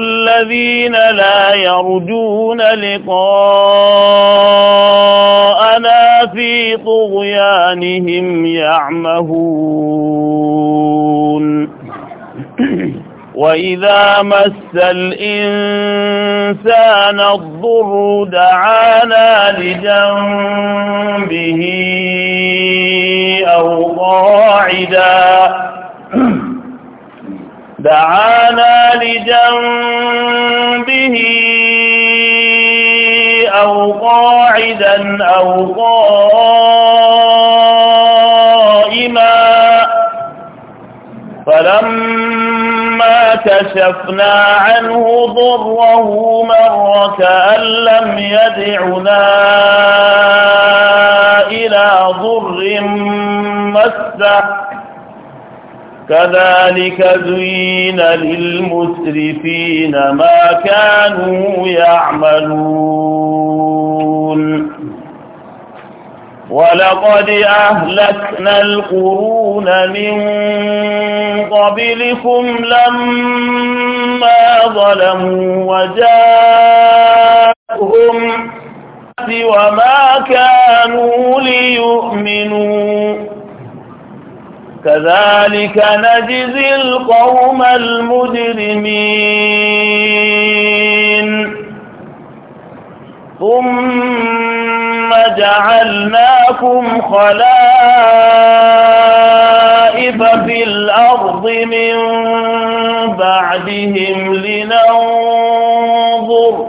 الذين لا يرجون لقاءنا في طغيانهم يعمهون وإذا مس الإنسان الضر دعانا لجنبه أو قاعداً دعانا لجنبه أو قاعدا أو قائما فلما كشفنا عنه ضره مر كأن لم يدعنا إلى ضر مسه كذلك زين للمسرفين ما كانوا يعملون ولقد أهلكنا القرون من قبلكم لما ظلموا وجاءهم وما كانوا ليؤمنوا كذلك نجزي القوم المجرمين ثم جعلناكم خلائف في الأرض من بعدهم لننظر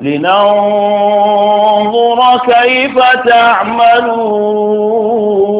لننظر كيف تعملون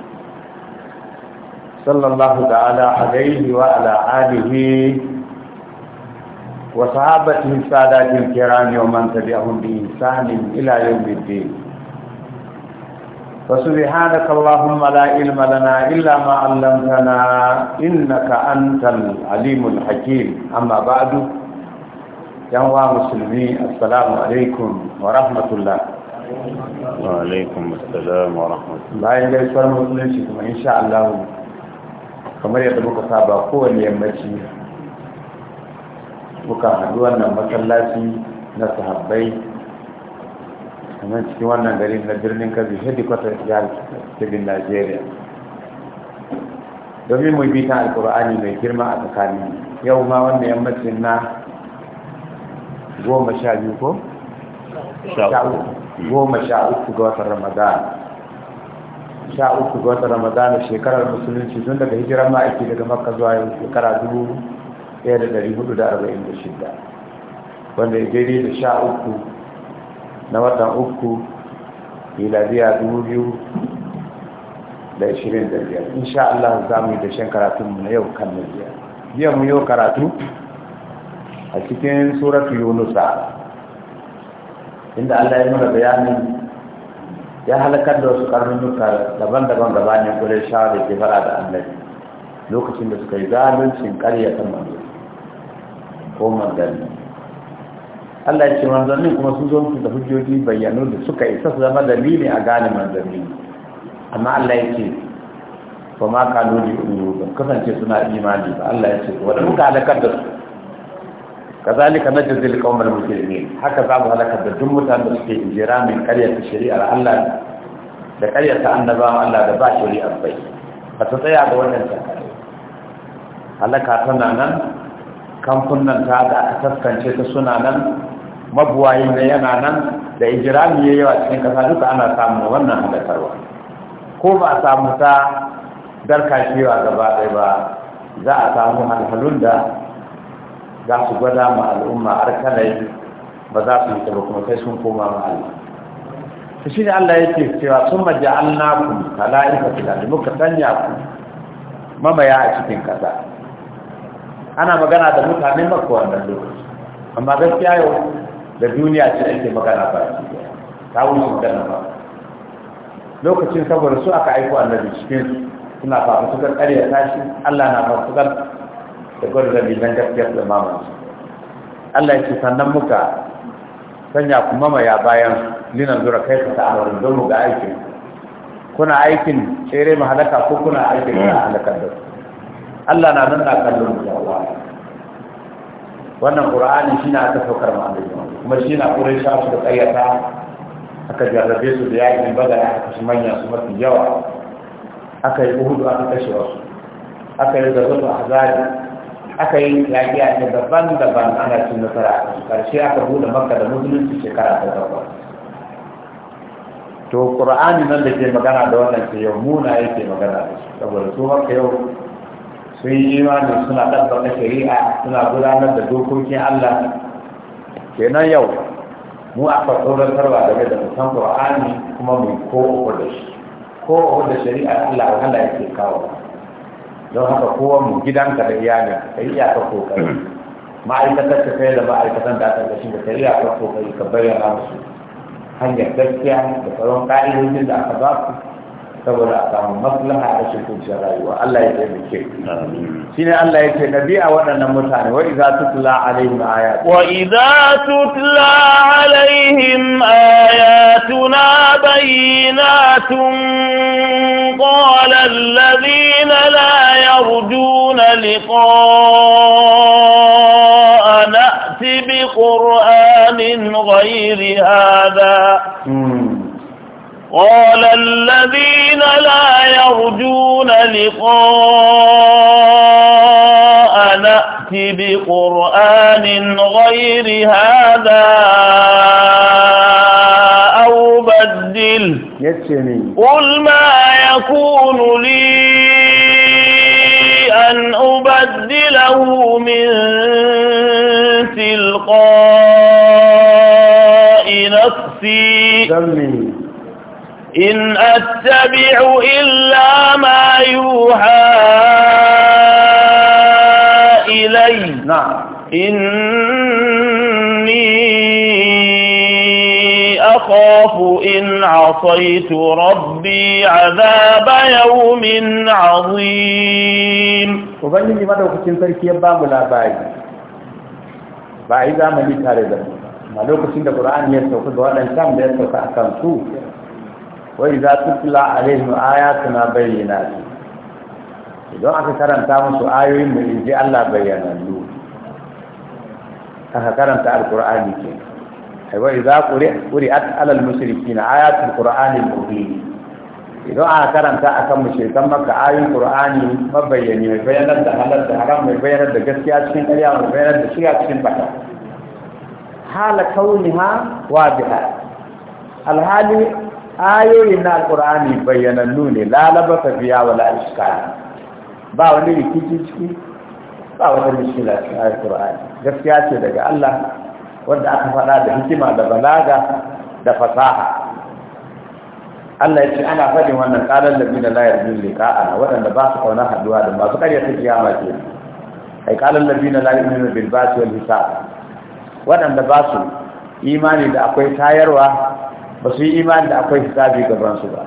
صلى الله تعالى عليه وعلى آله وصحابته السادات الكرام ومن تبعهم بإحسان إلى يوم الدين فسبحانك اللهم لا علم لنا إلا ما علمتنا إنك أنت العليم الحكيم أما بعد يا مسلمين السلام عليكم ورحمة الله وعليكم السلام ورحمة الله لا يجب أن نسلم إن شاء الله kamar yadda muka saba kowane yammaci muka haɗu wannan masallaci na sahabbai kamar cikin wannan gari na birnin kabi hedikwatar jihar cikin najeriya domin mu bita alkur'ani mai girma a tsakanin yau ma wannan yammacin na goma sha biyu ko? Sha uku. goma sha uku ga watan ramadana sha uku ga watan ramadana shekarar musulunci tun daga hijiran ma'aiki daga makka zuwa yau shekara dubu ɗaya da ɗari hudu da arba'in da shida wanda ya daidai da sha uku na watan uku miladiya dubu biyu da ashirin da biyar sha Allah za mu yi da shan karatunmu na yau kan na biyar biya mu yau karatu a cikin suratu yunusa inda Allah ya mana bayanin ya halakar da wasu karnuka daban-daban gabanin kudin shawar da ke fara da annabi lokacin da suka yi zaluncin karya kan manzo ko manzanni Allah ya ce manzannin kuma sun zo su da hujjoji bayyanu da suka isa su zama dalili a gane manzanni amma Allah ya ce ba ma kalu da kasance suna imani ba Allah ya ce wadda muka halakar da su kazalika najzil qawmal mujrimin haka za mu halaka da duk mutanen da suke injira min karyata shari'ar Allah da karyata annabawan Allah da ba shari'ar bai ba ta tsaya ga wannan takare halaka tana nan kamfunan ta da aka taskance ta suna nan mabuwayin da yana nan da ijirami ya yawa cikin kasa duka ana samun wannan halakarwa ko ba a samu ta darka cewa gaba ɗaya ba za a samu halhalun da za su gwada ma al'umma har yi ba za su yi ba kuma sai sun koma ma Allah ta shi ne Allah yake cewa sun maja annakum kala'ika fil ardi ka sanya ku mamaya a cikin kasa ana magana da mutane maka wannan lokaci amma gaskiya yau da duniya ce ake magana ba shi ta wuce magana ba lokacin saboda su aka aiko annabi cikin suna fafutukar karya tashi Allah na fafutukar da gwargwar nan gaskiyar da mamansu Allah ya ce sannan muka sanya kuma ku ya bayan linan zura kai ka ta alwarin don mu ga aikin kuna aikin tsere mu halaka ko kuna aikin na halakar da Allah na nan na kallon mu wannan qur'ani shine aka saukar mu annabi kuma shine quraisha su da kayyata aka jarrabe su da yaƙin badar aka kashe manya su mafi yawa aka yi uhudu aka kashe wasu aka yi zazzabin hazari aka yi lafiya ta daban-daban ana cin nasara karshe aka buɗe makka da musulunci shekara ta takwas to ƙur'ani nan da ke magana da wannan ke yau muna yake magana da shi saboda su maka yau sun yi imanin suna ɗabbaka shari'a suna gudanar da dokokin allah kenan yau mu a aka tsoratarwa tarwa da musan ƙur'ani kuma mu ko da shi ko da shari'a allah wahala yake kawo don haka kowa mu gidanka da iyalin ka yi iyakar kokari ma'aikatar ka kai da ma'aikatan da aka kashi da ka yi iyakar kokari ka bayyana musu hanyar gaskiya da tsaron ka'idojin da aka ba su saboda a samu maslaha a cikin rayuwa Allah ya taimake shi ne Allah ya ce nabi a waɗannan mutane wa idza tutla alaihim ayat wa idza tutla alaihim ayatuna bayyinatun qala alladhina la yarjuna liqa'ana bi qur'anin ghayri hadha قال الذين لا يرجون لقاء نأتي بقرآن غير هذا أو بدل قل ما يكون لي أن أبدله من تلقاء نفسي إن أتبع إلا ما يوحى إلي نعم إني أخاف إن عصيت ربي عذاب يوم عظيم وبنجي ماذا وكتن تركي باب لا باي باي زامن لي تاري ما لوكتن القرآن يسوك دوالا إنسان يسوك أكام سوك وإذا تطلع عليهم آياتنا بينات إذا أعطي كرم تامس آيوين من إن جاء الله بيانا اللون أخا كرم تعالى القرآن يكين وإذا أيوة، قرأت على المشركين آيات القرآن المبين إذا أعطي كرم تعالى كم شيطان مكة آيوين قرآن مبيني مبينة دهالة دهالة مبينة دهالة دهالة مبينة دهالة دهالة دهالة حال كونها واضحة الحالي ayoyin na Alƙur'ani bayyanannu ne lalaba tafiya wa iskari ba wani rikici ciki ba wani mishila cikin alƙur'ani gaskiya ce daga Allah wanda aka faɗa da hikima da balaga da fasaha Allah ya ce ana faɗin wannan ƙalar da layar la yarjun liqa'a waɗanda ba su kauna haɗuwa da masu ƙarya ta kiyama ke ai ƙalar da bin la yarjun wal hisa waɗanda ba su imani da akwai tayarwa ba su yi imani da akwai hisabi gabansu ba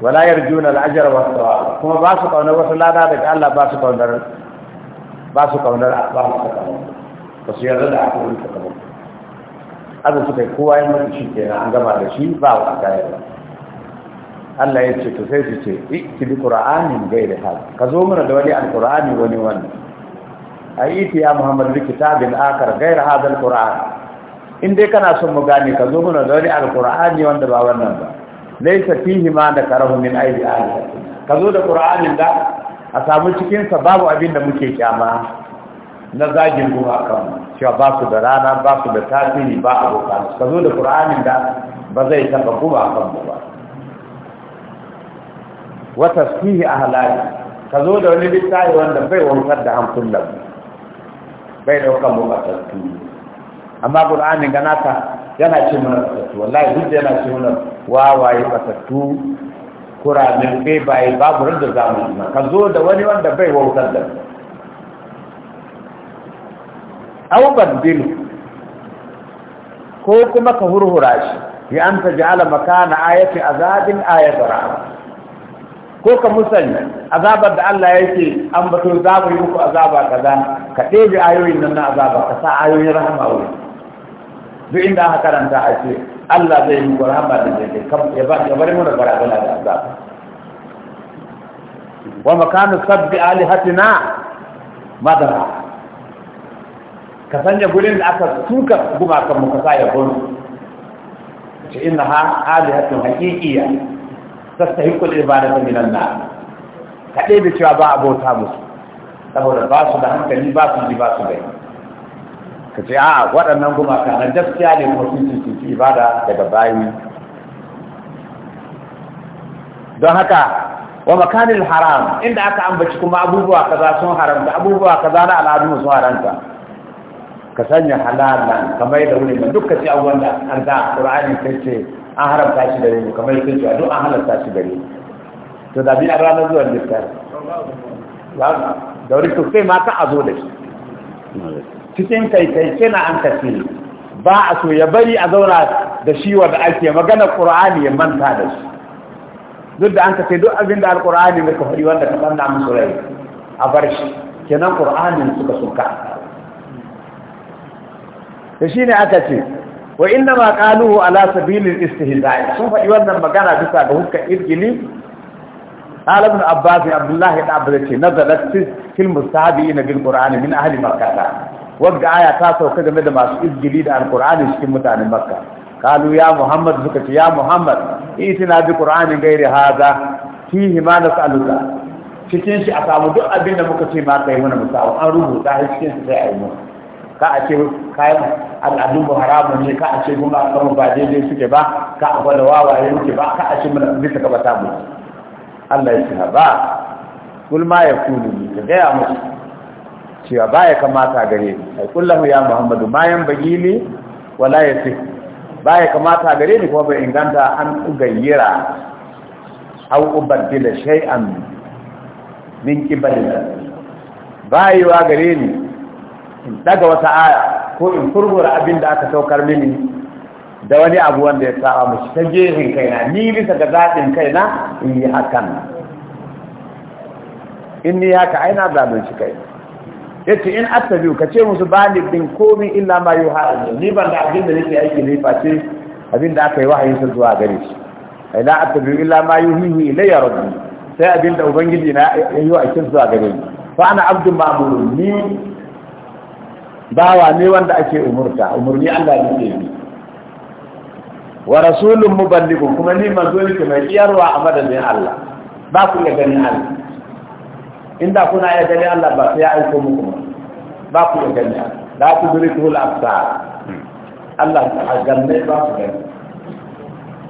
wala yarjuna al-ajr wa thawab kuma ba su kauna wata lada daga Allah ba su kaunar ba su kaunar ba su kaunar ba su yarda da akwai sakamako azan suka kowa ya mutu shi kenan an gama da shi ba wa kayar Allah ya ce to sai su ce ikti bi qur'anin gairi hal ka zo mana da wani alqur'ani wani wannan ayyati ya muhammad bi kitabin akhar gairi hadha alqur'an in dai kana son mu gane ka zo muna da wani alqur'ani wanda ba wannan ba laysa fihi ma da karahu min aidi ahli ka zo da qur'anin da a samu cikin sa babu abin da muke kyama na zagin ruwa kan cewa ba su da rana ba su da tasiri ba abokan ka zo da qur'anin da ba zai taba kuma kan mu ba wa tasfihi ahlaki ka zo da wani littafi wanda bai wankar da hankulan bai mu ba tasfihi amma qur'anin gana ta yana ce mana fatattu wallahi duk yana ce mana wawaye fatattu kuramin bai baye babu rinda za mu yi ka zo da wani wanda bai wautar da aw baddilu ko kuma ka hurhura shi ya an taj'ala makana ayati azabin ayatan rahama ko ka musanya azabar da Allah yake an bato za mu yi muku azaba kaza ka ɗebe ayoyin nan na azaba ka sa ayoyin rahama wuri duk inda aka karanta a ce Allah zai yi rahama da zai kai ya ba ya bari mu da barazana da azab wa makanu sabbi alihatina madara ka sanya gurin da aka tuka gumakan mu ka sa ya gurin ce inna ha alihatun haqiqiyya tastahiqu al-ibadatu min an na. Kaɗai da cewa ba abota musu saboda ba su da hankali ba su ji ba su bai ka ce a waɗannan gumaka nan gaskiya ne kuma sun cuci ibada daga bayi don haka wa makanil haram inda aka ambaci kuma abubuwa kaza sun haramta abubuwa kaza na al'adu sun haramta ka sanya halal nan kamar da wuri nan dukkan ci abubuwan da an a ƙura'ani sai ce an haramta shi gare mu kamar ce cewa duk an halarta shi gare mu to da biyar a ranar zuwa littafi da wuri sai ma ka zo da shi cikin kai kina an kasiri ba a so ya bari a zauna da shi wanda ake magana ƙur'ani ya manta da shi duk da an ka duk abin da alƙur'ani mai kafari wanda ka ɓanna su rai a bar shi kenan ƙur'anin suka suka da shi ne aka ce wa inna ma ƙaluhu ala sabilin istihza'i sun faɗi wannan magana bisa ga hukka irgili قال ابن عباس عبد الله fil عباس na bin ƙur'ani min من اهل مكه wadda aya ta sauka game da masu izgili da alƙur'ani cikin mutanen makka kalu ya muhammad suka ce ya muhammad itina bi qur'anin gairi haza fihi ma nas'aluka cikin shi a samu duk abin da muka ce ma kai mana musawa an rubuta shi cikin sai a yi mu ka a ce kayan al'adun mu haramun ne ka a ce mun ba ba daidai suke ba ka a gwada wawaye muke ba ka a ce mana bisa ka ba ta mu Allah ya ce ba kulma ya kunu ka gaya musu cewa ba ya kamata gare ni ai kullahu ya muhammadu bayan bagili wala ya ce ba ya kamata gare ni kuma bai inganta an ugayyira au ubaddila shay'an min kibalina bayewa gare ni in daga wata aya ko in furgura abin da aka saukar mini da wani abu wanda ya tsara mu ta jehin kaina ni bisa ga zaɓin kaina in yi hakan in ni haka ai na zaɓin shi kai ce in biyu ka ce musu bani bin komi illa ma yuha ni ban da abin da nake aiki ne face abin da aka yi wahayin sa zuwa gare shi ai la attabi'u illa ma yuhihi ya rabu sai abin da ubangiji na ya yi wa aikin zuwa gare ni fa ana abdu mamuru ni bawa ne wanda ake umurta umurni Allah ne ke yi wa rasulun muballighun kuma ni manzo ne mai iyarwa a madadin Allah ba ku ya gani Allah inda kuna ya gani Allah ba sai ya aiko muku ba ku ga ganin Allah ku tudriku al-absar Allah a ganne ba ku gani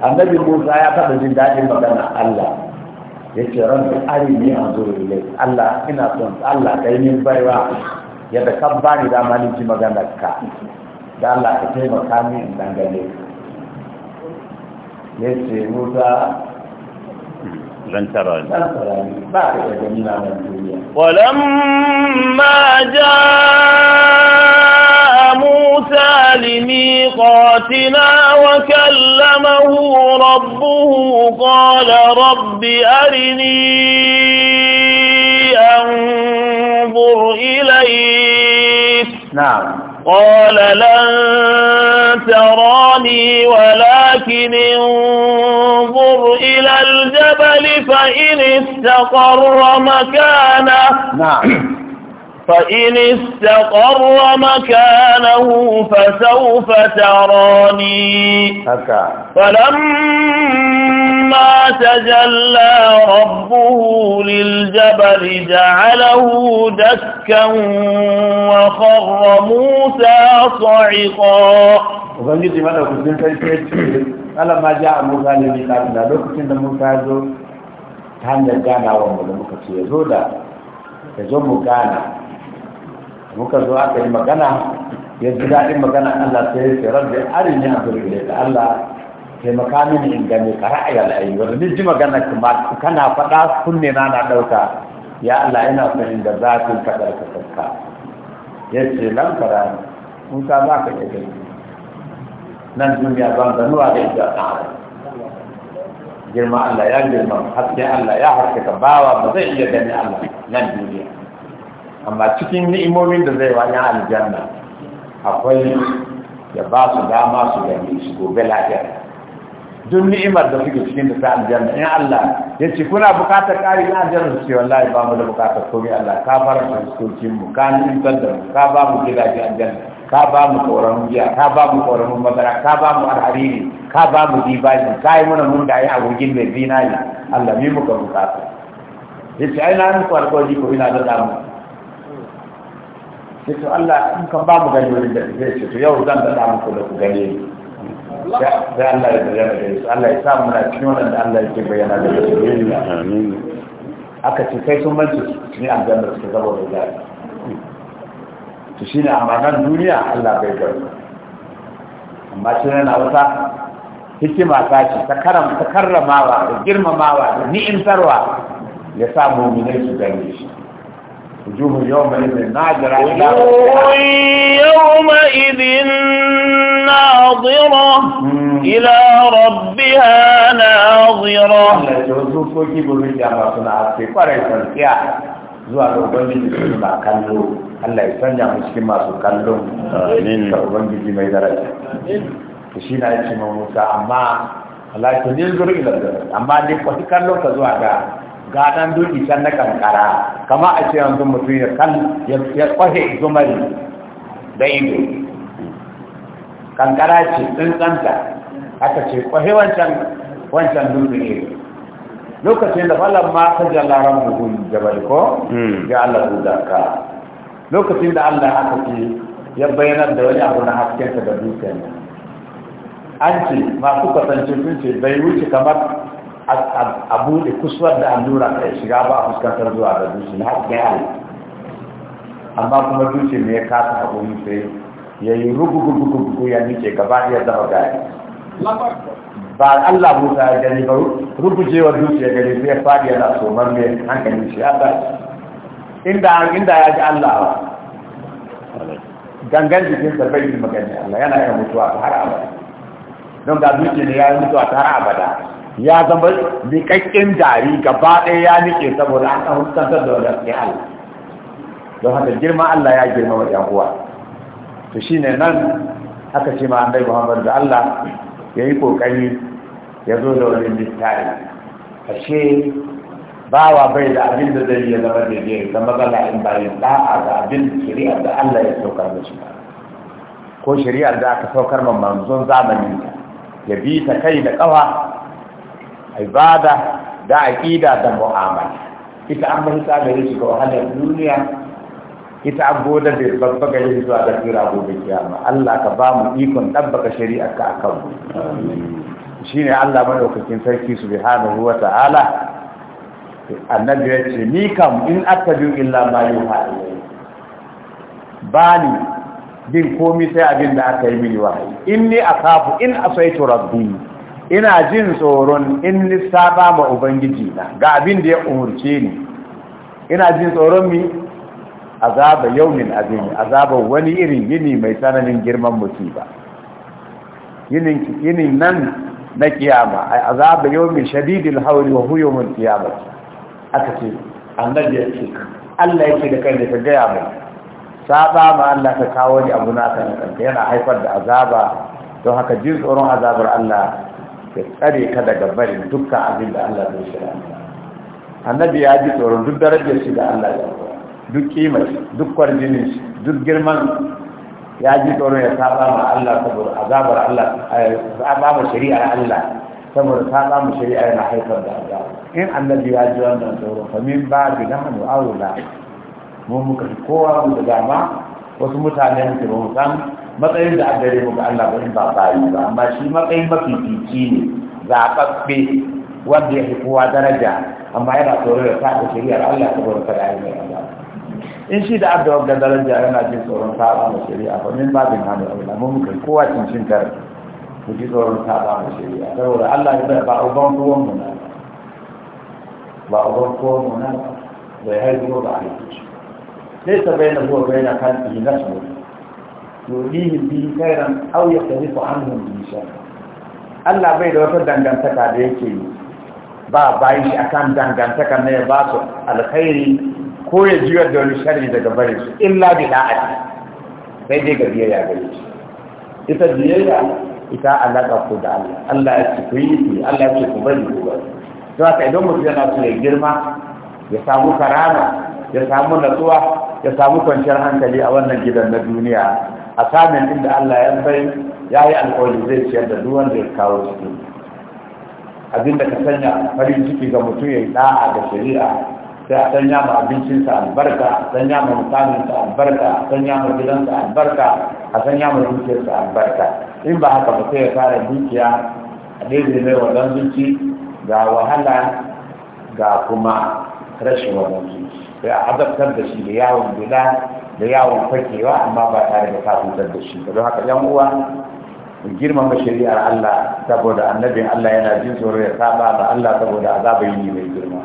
annabi Musa ya taɓa jin daɗin magana Allah ya ce da ne a anzuru ilayk Allah ina son Allah kai min baiwa yadda kan bani dama ni ji magana ka da Allah ka taimaka min in dangane ka موسى ce ترى لن ولما جاء موسى لميقاتنا وكلمه ربه قال رب أرني أنظر إليك نعم قال لن تراني ولكن انظر إلى الجبل فإن استقر مكانه نعم فإن استقر مكانه فسوف تراني فلما تجلى ربه للجبل جعله دكا وخر موسى صعقا وفنجد ماذا كنتم فيه فلما جاء موسى للمقابل موسى كان يجانا ومو لمكتير هذا يجب أن يكون muka zo aka yi magana ya ji daɗin magana Allah sai ya tsirar da arin ya zurgule da Allah sai makamin in gane ka ra'ayar ayi wanda ni ji magana kuma kana faɗa kunne na na ɗauka ya Allah ina son za ga zafin ka sauka ya ce nan fara in za ka iya gani nan duniya ban zanuwa da ita a girma Allah ya girma haske Allah ya haske ka bawa ba zai iya gani Allah nan duniya amma cikin ni'imomin da zai wani aljanna akwai ya ba su dama su gani su gobe lafiya duk ni'imar da suke cikin da ta aljanna in Allah ya ce kuna bukatar ƙari na aljanna su ce wallahi ba mu da bukatar komai Allah ka fara da huskokin mu ka nufantar da mu ka ba mu gidaje aljanna ka ba mu tsoron giya ka ba mu tsoron madara ka ba mu alhariri ka ba mu dibaji ka yi mana mun da yi agogin mai zinari Allah mi muka bukata ya ce ai na muku alkawari ko ina da damu sai to Allah in kan ba mu gani wani da zai ce to yau zan da samu da ku gani. ni sai Allah ya bayyana da su Allah ya sa mu na cikin wanda Allah yake bayyana da su amin aka ce kai sun mance cikin aljanna suke saboda gari. to shine amanan duniya Allah bai gani amma shi yana wata hikima ta ce ta karramawa da girmamawa da ni'imtarwa ya sa ne su gani. shi وجوه يومئذ ناظرة وجوه يومئذ ناظرة إلى ربها ناظرة zuwa ubangiji kallo Allah ya sanya mu cikin masu kallon amin da ubangiji mai daraja to shi na yake mu Musa amma Allah ya tunzuru ila amma ne ko kallo ka zuwa ga ga ɗan doki can na kankara kama a ce yanzu mutum ya kan ya kwahe zumari da ido kankara ce tsantsanta aka ce kwahe wancan wancan dutse ne lokacin da falon ma ta jalaran buhun da ko hmm. ya Allah hudaka lokacin da Allah aka ce ya bayyana da wani abu na haskenta da dutsen an ce masu kasance sun ce bai wuce kamar a buɗe kusurwar da allura ta shiga ba a fuskantar zuwa da dutse na haka ya amma kuma dutse ne ya kasa haƙuri sai ya yi rugugugugugu ya nike gaba ya zama gari ba Allah Musa ya gani ba rugujewar dutse ya gani zai faɗi yana somar mai hankali shi ya inda ya ji Allah ba gangan jikin bai yi magani Allah yana yana mutuwa har abada don ga dutse ne ya yi mutuwa har abada ya zama liƙaƙƙen jari gaba ɗaya ya nike saboda an ɗan da wadda ke Allah don haka girma Allah ya girma wa ‘yan uwa to shi ne nan aka ce ma an Muhammad da Allah ya yi ƙoƙari ya zo da wani littafi ashe bawa bai da abin da zai yi zama da biyar da matsala in bayan ga abin shari'ar da Allah ya saukar da shi ko shari'ar da aka saukar ma manzon zamani ya bi ta kai da ƙawa ibada da aƙida da mu'amala ita an mahita gare shi ga wahalar duniya ita an goda da babba gare shi zuwa ga tsira gobe kiyama Allah ka ba mu ikon ɗabbaka shari'a ka akan mu shine Allah madaukakin sarki subhanahu wa ta'ala annabi ya ce ni kam in attabi illa ma yuha bani bin komi sai abin da aka yi mini wahayi inni akafu in asaitu rabbi ina jin tsoron in lissaba ma ubangiji na ga abin da ya umurce ni ina jin tsoron mi azaba yaumin a azaba wani irin yini mai tsananin girman musiba yinin yinin nan na kiyama azaba yaumin shadidil hawli wa huwa yawmul qiyamah aka ce annabi ya ce Allah yake da kai da ka gaya mai saba ma Allah ka kawo ni abu na kan yana haifar da azaba don haka jin tsoron azabar Allah ya tsare ka daga bari dukkan abin da Allah zai shirya annabi ya ji tsoron duk darajar shi da Allah ya duk kimar duk kwarjinin shi duk girman ya ji tsoron ya saba ma Allah saboda azabar Allah eh, saba ma shari'ar Allah saboda saba ma shari'ar na haifar da azaba in annabi ya ji wannan tsoron fa min ba bi na hanu aula mu muka kowa mu da dama wasu mutane muke ba mu san matsayin da aka yi Allah ba in ba bayi ba amma shi matsayin mafi mafifici ne zaɓaɓɓe wanda ya fi kowa daraja amma yana tsoro da taɓa shari'ar Allah ta gwada kada ya mai Allah in shi da abda wanda daraja yana jin tsoron taɓa ma shari'a ba min babin hannu Allah mun kai kowa cincin kar ku ji tsoron taɓa ma shari'a saboda Allah ya ba uban kowan mu na ba uban kowan mu na bai haihuwa ba a haihu shi. Sai ta bayyana zuwa bayyana kan ihi nasu yurihim bihi khairan aw yasrifu anhum bi sharr Allah bai da wata dangantaka da yake yi ba bayan shi akan dangantaka ne ya ba su alkhairi ko ya juyar da wani sharri daga bare su illa bi da'ati sai dai ga biyayya gare shi ita biyayya ita alaka ko da Allah Allah ya ci ku yi Allah ya ci ku bari ku bari to haka idan mutum yana so ya girma ya samu karama ya samu natsuwa ya samu kwanciyar hankali a wannan gidan na duniya a samun inda Allah ya bai ya yi alƙawari zai ciyar da duwan da ya kawo ciki abin ka sanya farin ciki ga mutum ya yi da'a da shari'a sai a sanya ma abincinsa albarka a sanya ma mutaninsa albarka a sanya ma gidansa albarka a sanya ma dukiyarsa albarka in ba haka ba sai ya fara dukiya a daidai mai wadon zuci ga wahala ga kuma rashin wadon zuci sai a azabtar da shi da yawon gida da yawon fakewa amma ba tare da ta hutar da shi don haka yan uwa girmama shari'ar Allah saboda annabin Allah yana jin tsoro ya saba da Allah saboda azaba yi mai girma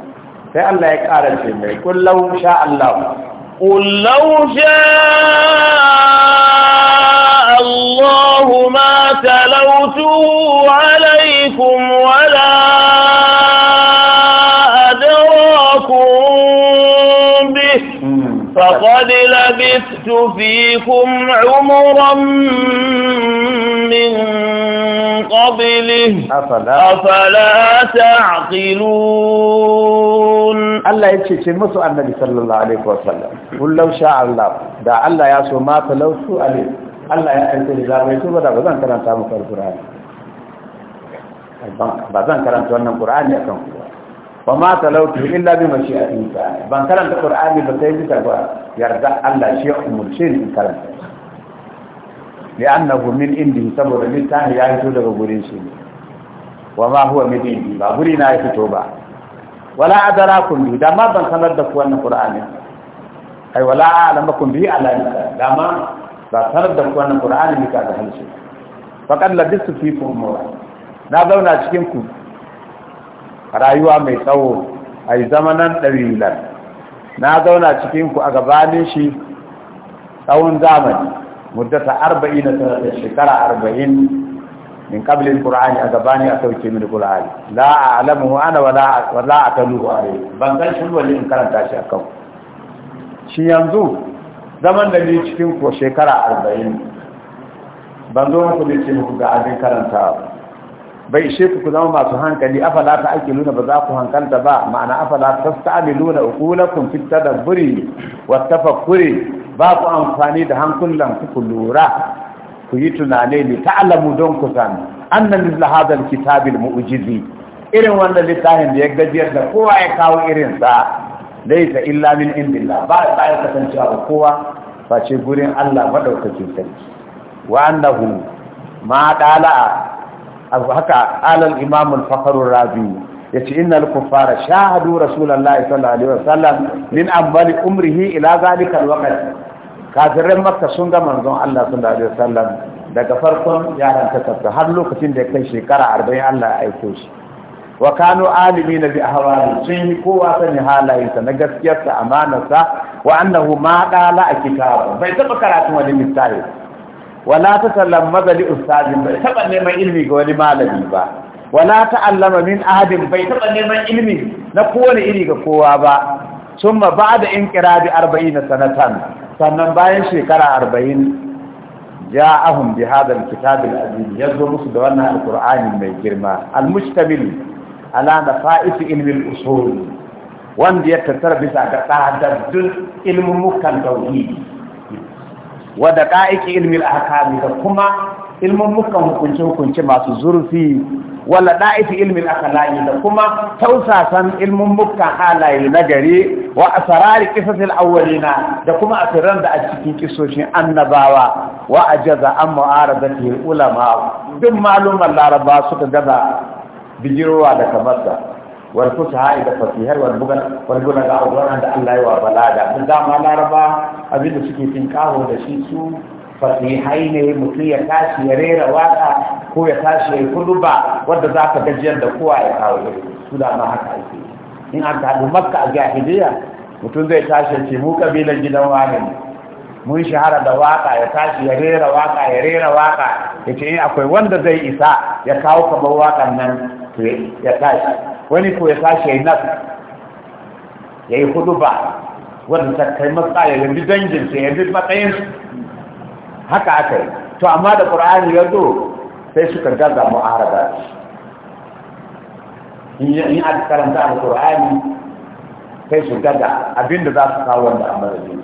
sai Allah ya ƙara ce mai kullau sha Allah kullau sha Allah ma talautu alaikum wala فقد لبثت فيكم عمرا من قبله أفلا, أفلا تعقلون الله يتشي مسو النبي صلى الله عليه وسلم قل لو شاء الله دا الله ياسو ما تلوثو عليه الله يأتي إذا بيتو بدا بزن كرم تامو القرآن بزن كرم تامو القرآن يكون قرآن wa ma talautu illa bi mashi'atin ta'ala ban karanta qur'ani ba sai bisa ba yarda Allah shi ya umurce ni in karanta li'annahu min indi saboda littafi ya fito daga gurin shi ne wa ma huwa min indi ba guri na ya fito ba wala adarakum bi da ma ban sanar da ku wannan qur'ani ai wala a'lamakum bi ala da ma ba sanar da ku wannan qur'ani mika da halshe faqad labistu fikum umura na zauna cikin ku rayuwa mai tsawo a yi ɗari milan. na zauna cikinku a gabanin shi tsawon zamani muddata arba'in na sanata shekara arba'in min ƙablin ƙura'ani a gabani a sauke mini ƙura'ani la a wa'ana wa wala a taluhu a rai ban gan shi wani in karanta shi a kan shi yanzu zaman da ni cikinku shekara arba'in ban zo muku ne ce muku ga abin karanta bai ishe ku ku zama masu hankali afala ta ake nuna ba za ku hankalta ba ma'ana afala ta sa'ali nuna ukulakum fi tadabburi wa tafakkuri ba ku amfani da hankulan ku ku lura ku yi tunane ne ta'alamu don ku sani annan misla hadal kitabil mu'ujizi. irin wanda littafin da ya gajiyar da kowa ya kawo irin sa laisa illa min indillah ba ya kasancewa a kowa face gurin Allah madaukakin sarki wa annahu ma dala'a haka alal imam al-fakhr ya ce inna kuffara shahadu rasulullahi sallallahu alaihi wasallam min amali umrihi ila zalika al kafirin makka sun ga manzon Allah sallallahu alaihi wasallam daga farkon yaran ta tafi har lokacin da ya kai shekara 40 Allah ya aiko shi wa kanu alimina bi ahwali sun yi kowa sani halayensa na gaskiyarsa amanarsa wa annahu ma dala a kitabu bai taba karatu wani misali wala ta talammaza li ustadin bai taba neman ilimi ga wani malami ba wala ta allama min ahadin bai taba neman ilimi na kowane iri ga kowa ba summa ba'da inqirabi 40 sanatan sannan bayan shekara 40 ja'ahum bi kitabil alkitab ya zo musu da wannan alqur'ani mai girma almustamil ala nafa'is ilmi alusul wanda ya tattara bisa ga tsadaddun ilmumukan tauhidi wa da ilmi al'akami da kuma ilmin mukan hukunce-hukunce masu zurfi wala ɗa'ifi ilmi al'akalami da kuma tausasan ilmin mukan halaye na gari wa a sarari ƙisasil da kuma a firar da a cikin ƙisoshin annabawa wa a jaza an ma'ara da ke ulama duk malumar laraba suka gaza bijirowa da kamarsa wal fusaha da fasihar wal bugan wal bugan ga Allah da Allah ya wa balada mun da ma laraba abin da suke tin kawo da shi su fasiha ne mutum ya tashi ya rera waka ko ya tashi ya yi kuduba wadda za gajiyar da kowa ya kawo su da ma haka ake in an haɗu makka a jahiliya mutum zai tashi ce mu kabilan gidan wani ne mun shahara da waka ya tashi ya rera waka ya rera waka yace in eh, akwai wanda zai isa ya kawo kamar wakan nan ya tashi wani ko ya tashi ya nas ya yi hudu ba wanda ta kai matsaya ya bi dangin ya bi matsayin haka aka yi to amma da ƙur'ani ya zo sai suka gaza mu'arada in aka karanta a ƙur'ani sai su gaza abinda za su kawo wanda a madadin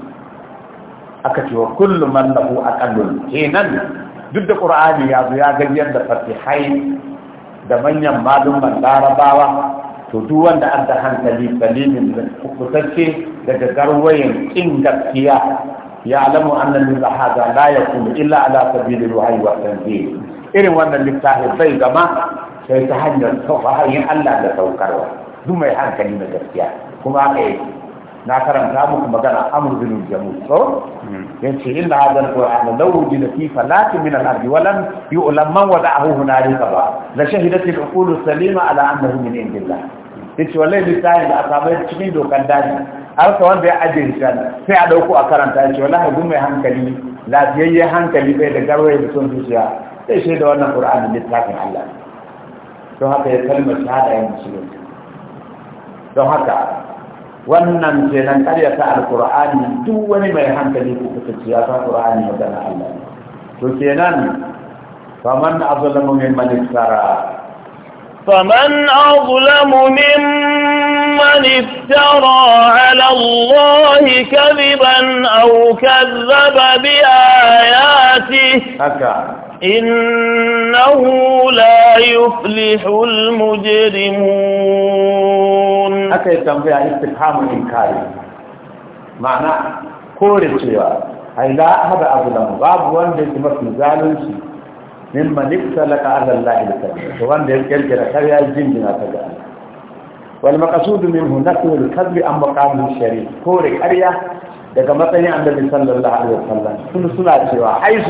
aka ce wa kullum man lahu aqallun kenan duk da ƙur'ani ya zo ya ga da fatihai da manyan malumman larabawa to duk wanda an da hankali salimin kusacce daga garwayin kin gaskiya ya alamu annan min hada la yakunu illa ala sabili ruhi wa tanzil irin wannan littafi bai gama sai ta hanyar sauka Allah da saukarwa duk mai hankali na gaskiya kuma aka yi. na karanta muku magana amr bin jamus ko hmm. yace inna hadha alquran law wujida fi falatin min al-ardi wa lam yu'lam man wada'ahu hunalika ba la shahidat al kulu salima ala annahu min indillah yace wallahi lisayin da aka bai cikin dokan daji har ka wanda ya ajiye shi sai a dauko a karanta yace wallahi gun mai hankali lafiyayyen hankali bai da garwaye da son zuciya sai shi da wannan qur'ani littafin Allah don haka ya kalmar shahada ya musulunci don haka wannan kenan karyata alqur'ani duk wani mai hankali ko kuka ciya ta qur'ani magana Allah to kenan faman azlamu mimman iftara faman azlamu mimman iftara ala Allah kadiban aw kazzaba bi ayati haka إنه لا يفلح المجرمون أكيد تنبيه استفهام الإنكار معنى كوري سوى أي لا أحد أظلم باب وان دي مثل ظالم مما نفس لك على الله الكريم وان دي كالكرة الجن الجنجنا تجعل والمقصود منه نقل الكذب عن مقام الشريف كوري كريا daga النبي صلى الله عليه وسلم sun suna cewa حيث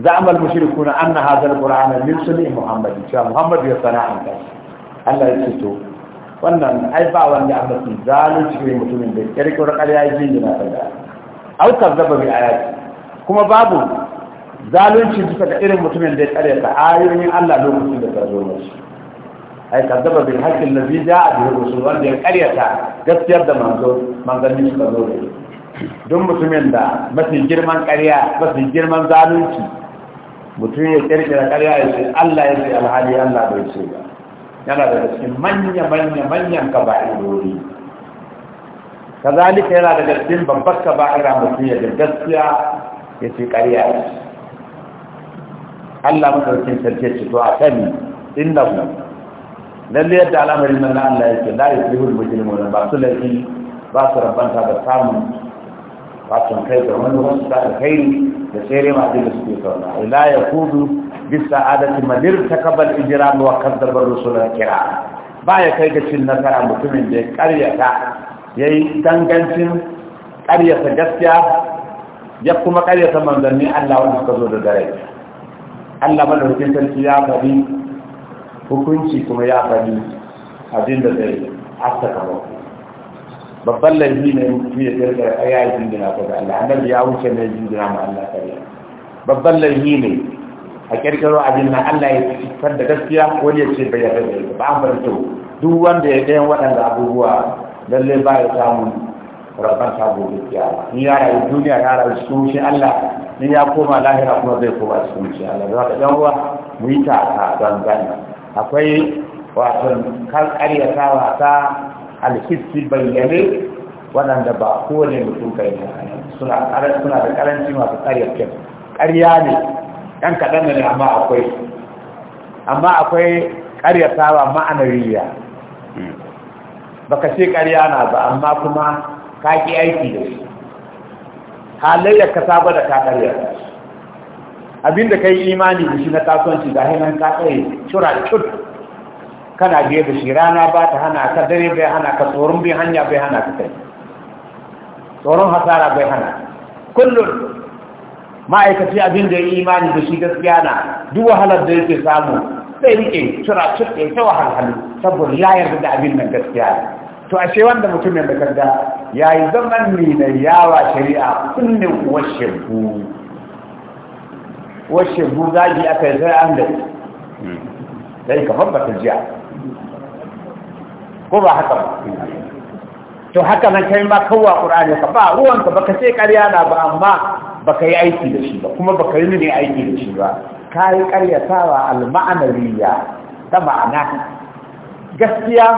زعم المشركون أن هذا القرآن من سنة محمد شاء محمد يصنع عنك الله يكتو wannan ai ba wanda an mafi zalunci ne mutumin da ya rike wani ƙarya ya jingina ta da aukar zaba mai ayati kuma babu zalunci duka ga irin mutumin da ya ƙarya ta ayoyin Allah lokacin da ta zo mashi ai kazzaba bil haqqi allazi ja'a bihi rusul wanda ya ƙaryata gaskiyar da manzo manzanni suka zo da don mutumin da mafi girman ƙarya mafi girman zalunci mutum ya kirkira karya ya ce Allah ya ce alhali Allah bai ce ba yana daga cikin manya manya manyan kaba'irori kazalika yana daga cikin babbar kaba'ira mutum ya gaskiya ya ce karya ya ce Allah madaukin sarki ce to a sani inda mu lalle yadda al'amarin nan Allah ya yake la yusrihul mujrimuna ba su laifi ba su rabanta da samun fatan kai ga wani wasu ta alkhairi da sai masu da suke sauna ila ya kudu bisa adati malir ta kabal ijira wa kaddarbar rusulan kira ba ya kai ga cin nasara mutumin da ya karyata ya yi dangancin karyata gaskiya ya kuma karyata manzanni allah wanda suka zo da dare allah madaukakin sarki ya faɗi hukunci kuma ya faɗi abin da zai asaka mako babban laifi ne mutum ya kirkar a yayi jingina ko da Allah annabi ya wuce ne jingina ma Allah ƙarya babban laifi ne a kirkiro abin Allah ya fitar da gaskiya wani ya ce bai yarda da ba an to duk wanda ya ga waɗanda abubuwa lallai ba ya samu rabban sabo gaskiya Ni ya rayu duniya ya rayu su shi Allah Ni ya koma lahira kuma zai koma su shi Allah da haka dan uwa mu yi ta don gani akwai wato kan ƙaryatawa ta alhiski bayyane waɗanda ba kowane mutum kai ne suna da karanci masu tsariyar kyan ƙarya ne ɗan kaɗan ne amma akwai amma akwai ƙaryatawa ma'anariya baka ce ƙarya na ba amma kuma ka ƙi aiki da shi halayyar ka saba da ka ƙarya abinda ka yi imani da shi na kasuwanci ga hainan ka tsaye cura da kana biye da shi rana ba ta hana ka dare bai hana ka tsoron bai hanya bai hana ka kai tsoron hasara bai hana kullum ma'aikaci abin da ya imani da shi gaskiya na duk wahalar da yake samu sai rike tura cuɗe ta wahalhalu saboda ya yarda da abin nan gaskiya ne. to ashe wanda mutumin da kaga ya yi zaman na yawa shari'a kullum washegu washegu zagi aka yi sai an da sai hmm. ka batun jiya ko ba haka ba to haka nan kai ma kawwa qur'ani ka ba ka baka ce ƙarya na ba amma baka yi aiki da shi ba kuma baka yi ne aiki da shi ba kai ƙaryatawa al maanariya ta ma'ana gaskiya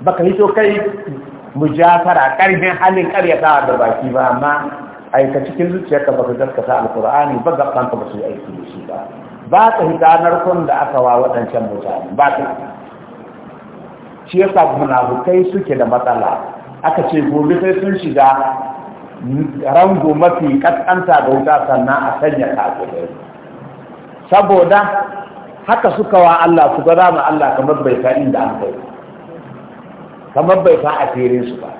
baka yi kai mujafara ƙarfin halin ƙaryatawa da baki ba amma aika cikin zuciyarka baka gaskata al-qur'ani ba ka ba su aiki da shi ba ba ka hitanar kun da aka wa waɗancan mutane ba ka shi yasa munafukai suke da matsala aka ce gobe sai sun shiga rango mafi kaskanta ga wuta sannan a sanya kafirai saboda haka suka wa Allah su gwada ma Allah kamar bai sa inda an kai kamar bai sa a su ba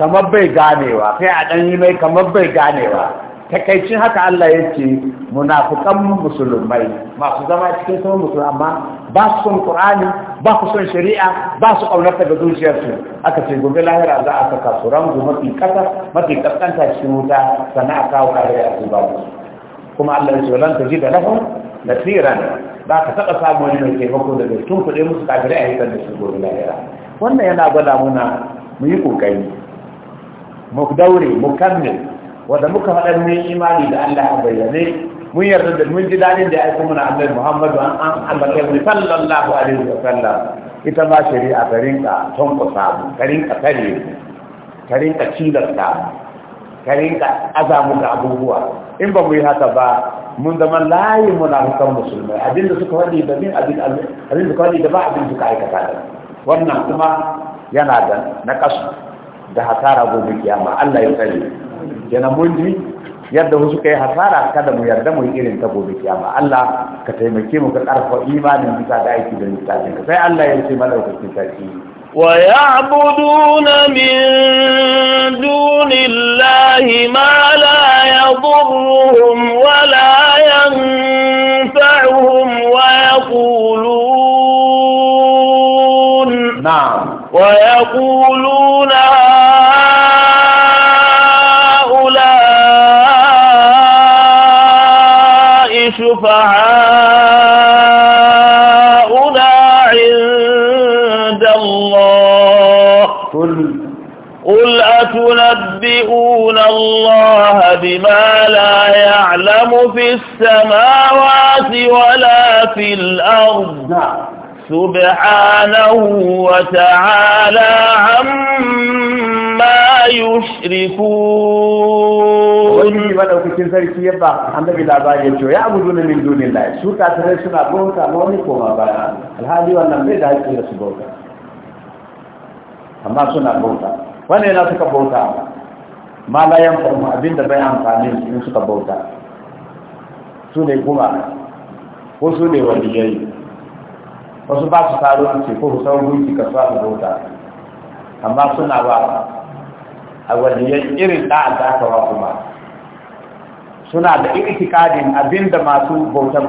kamar bai ganewa sai a ɗan yi mai kamar bai ganewa takaicin haka Allah ya ce munafukan musulmai masu zama cikin sama musulmai amma ba su son Ƙur'ani ba su son shari'a ba su kaunarta ga zuciyarsu aka ce gobe lahira za a saka su rangu mafi kasa mafi kaskanta cikin wuta sannan a kawo kare a su babu kuma Allah ya ce lan ta ji da lahun tsiran ba ka taɓa samu wani mai taimako daga tun kuɗe musu kafirai a hitar da su gobe lahira wannan yana gwada muna mu yi ƙoƙari mu daure mu kammil wanda muka faɗa mun yi imani da Allah a bayyane mun yarda da mun ji daɗin da ya aika muna annabi Muhammadu an an ambace mu sallallahu alaihi wa sallam ita ma shari'a ta rinka tonkusa mu ta rinka tare mu ta rinka cilasta mu ta rinka azamu ga abubuwa in ba mu yi haka ba mun zama layi munafukan musulmai abinda suka wani da min abin abin suka wani da ba abin suka aikata da wannan kuma yana da nakasu da hasara gobe kiyama Allah ya tsare kenan mun yadda wasu kai hasara kada mu yarda mu yi irin ta gobe kiyama Allah ka taimake mu ka karfa imanin bisa da aiki da littafin sai Allah ya ce malaukakin sarki ويعبدون من دون الله ما لا يضرهم ولا ينفعهم ويقولون نعم ويقولون شفعاؤنا عند الله قل قل أتنبئون الله بما لا يعلم في السماوات ولا في الأرض نعم. سبحانه وتعالى عما يشركون ubangiji madaukakin sarki ya ba annabi labari ya ce ya abudu ne min dunillahi su kafirai suna bauta ma wani koma baya alhali wannan bai da hakki da su bauta amma suna bauta wanda yana suka bauta ma la yan farma abinda bai amfani in suka bauta su ne kuma ko su ne waliyai wasu ba su taro ce ko su sauran gunki ka su bauta amma suna ba a waliyai irin da'a da aka wa kuma suna da itikadin abinda masu bautar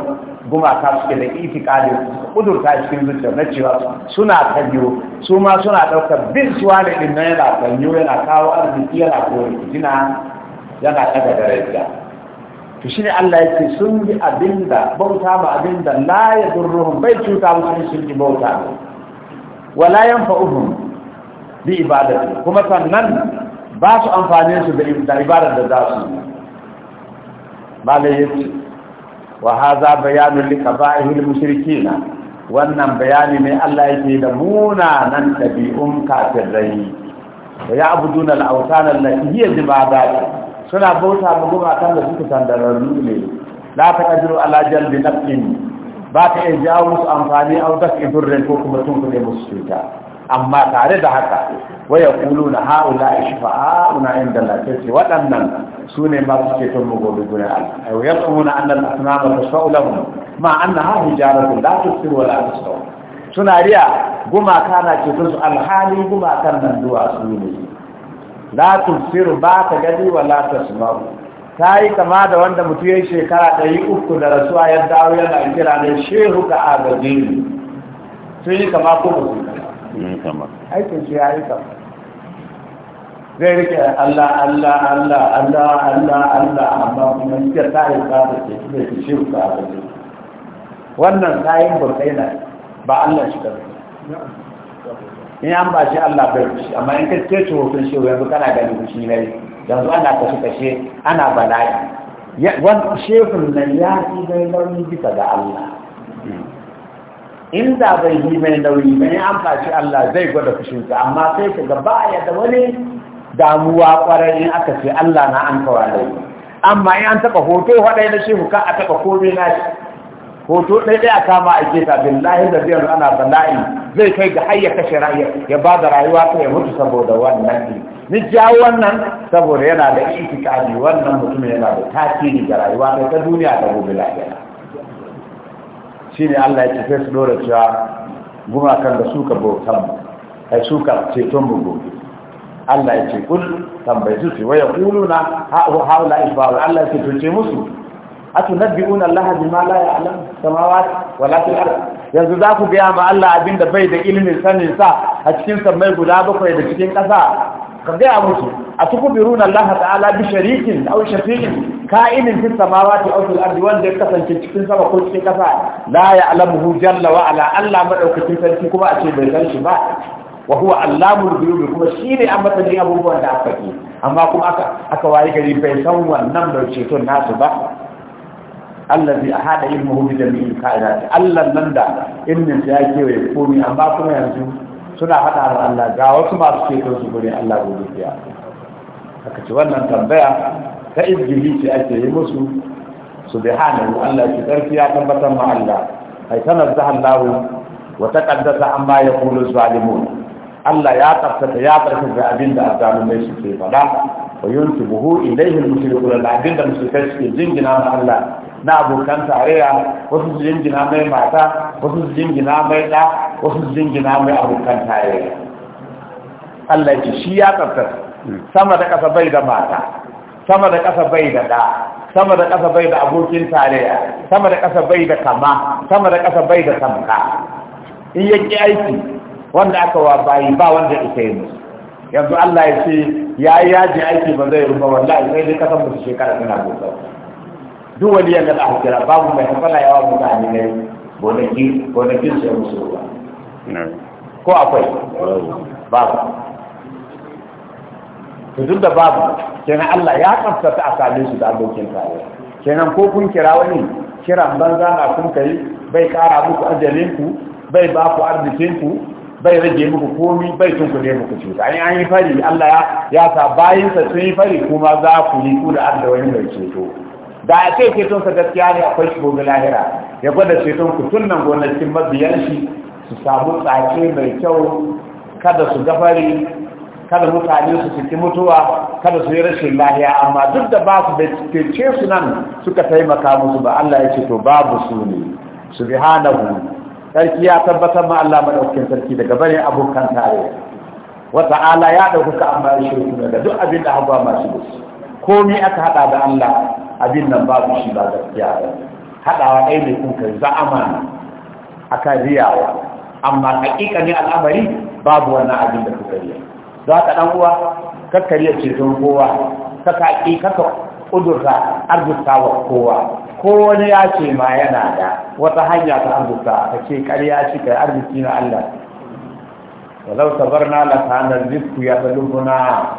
gumaka suke da itikadin kudurta cikin zuciya na cewa suna kanyo su ma suna ɗaukar bin suwa da ɗin na yana kanyo yana kawo arziki yana kori jina yana ɗaga da rajiya to shi ne Allah yake sun bi abinda bauta ma abinda la ya durruhun bai cuta musu sun bi bauta ne wala yan fa'uhun bi ibadatu kuma sannan ba su amfani su da ibadar da za su yi malai wahaza wa hadha bayanun li mushrikina wannan bayani ne Allah yake da munanan ɗabi'un kafin rai. ya abu duna al'autanar na iya jimada suna bauta mu gumakan da suka tandararru ne la ta kajiru alajar bi ba ta iya jawo musu amfani a wadda ke ko kuma tun kuɗe musu cuta amma tare da haka waya kulu na ha'ula a shafa'a una inda lafiyarci waɗannan su ne masu ceton mu gobe gune Allah wa yaqumuna anna al-asnama tasawlahu ma annaha hijaratu la tusir wa aka tasaw suna riya gumaka na ceton su alhali gumakan nan duwa su ne la tusir ba ta gani wa la tasma'u ta yi kama da wanda mutu ya yi shekara ɗari uku da rasuwa ya dawo yana kira ne shehu ka agajini sun yi kama ko ba aikin shi ya yi kama zai rike Allah Allah Allah Allah Allah Allah amma kuma ita ta yi tsada ce shi ne shi a ce wannan tsayin burkai na ba Allah shi kare in an ba shi Allah bai shi amma in ka ce hoton shi yanzu kana ganin shi ne yanzu ana kashe kashe ana bala'i wannan shefin nan ya fi zai launin bisa ga Allah hmm. inda bai yi mai nauyi mai an faci Allah zai gwada fushinsa amma sai ka ga baya da wani damuwa kwarai in aka ce Allah na an kawo amma in an taɓa hoto haɗai na shehu kan a taɓa komai na shi hoto ɗaya ɗaya kama a keta billahi da biyan ana bala'i zai kai ga hayya kashe rayuwa ya ba da rayuwa ta ya mutu saboda wannan ne ni jawo wannan saboda yana da itikadi wannan mutum yana da tasiri ga rayuwa ta duniya da gobe lafiya shi ne Allah ya ce sai su dora cewa gumakan da suka bautan mu suka ceton mu gobe Allah ya ce kul tambaye su ce waya kuluna haula isbaru Allah ya ce to ce musu atunabbi'una Allah bima la ya'lam samawati wala fil ardh yanzu za ku gaya ma Allah abinda bai da ilimin sanin sa a cikin sammai guda bakwai da cikin ƙasa ka gaya musu a tuku biruna Allah ta'ala bi sharikin aw shafi'in ka'inin fi samawati aw fil ardi wanda ya kasance cikin sama ko cikin kasa la ya'lamuhu jalla wa ala Allah madaukakin sarki kuma a ce bai san shi ba wa huwa allamul ghuyub kuma shi shine a matsayin abubuwan da aka yi amma kuma aka aka wayi gari bai san wannan da ceton nasu ba allazi ahada ilmuhu bi jami'il kainat Allah nan da ilmin ta ya kewaye komai amma kuma yanzu suna hada da Allah ga wasu masu ceton su gure Allah gobe haka ce wannan tambaya ta ibilisi ake yi musu subhanahu Allah ki karfi ya tabbatar ma Allah ai da Allah wa taqaddasa amma yaqulu zalimun Allah ya tsaftace ya tsaftace abin da mai suke faɗa wa yuntibuhu ilayhi al-mushrikun abin da mushrikai suke jingina ma Allah na abokan tarayya wasu su jingina mai mata wasu su jingina mai ɗa wasu su jingina mai abokan tarayya Allah ya ce shi ya tsaftace sama da ƙasa bai da mata sama da ƙasa bai da ɗa sama da ƙasa bai da abokin tarayya sama da ƙasa bai da kama sama da ƙasa bai da tamka in yake aiki wanda aka wa bayi ba wanda ita yi musu yanzu Allah ya ce ya yi yaji aiki ba zai rufa wallahi sai dai kasan musu shekara suna gosa duk wani yanzu da hajjira babu mai hafala yawa mutane ne gonaki gonakin sai musu ruwa ko akwai babu to duk da babu kenan Allah ya kamsata a same su da abokin tare kenan ko kun kira wani kiran banza na kun kai bai kara muku ajalin ku bai ba ku arzikin ku bai rage muku komi bai tun ku ne muku cuta an yi fari Allah ya sa bayinsa sun yi fari kuma za ku yi ku da Allah wani mai ceto da a ce ceton sa gaskiya ne akwai shi gobe lahira ya gwada ceton ku tun nan gonakin mabiyan shi su samu tsake mai kyau kada su gafari kada mutane su fiti mutuwa kada su yi rashin lahiya amma duk da ba su da cece su nan suka taimaka musu ba Allah ya ce to babu su ne su subhanahu sarki ya tabbatar ma Allah madaukakin sarki daga bare abokan tare wa ta'ala ya dauka amma ya shirku daga duk abin da hawa masu da su komai aka hada da Allah abin nan babu shi ba gaskiya ba hadawa ɗaya ne kun kai za'ama akan riyawa amma hakika ne al'amari babu wannan abin da kuka riya Za ka ɗan uwa ce don kowa saka ki kaka ƙudurta arzuta wa kowa wani ya ce ma yana da wata hanya ta arzuta ka ce karya shi ka arziki na Allah walau tabarna la kana rizqu yatlubuna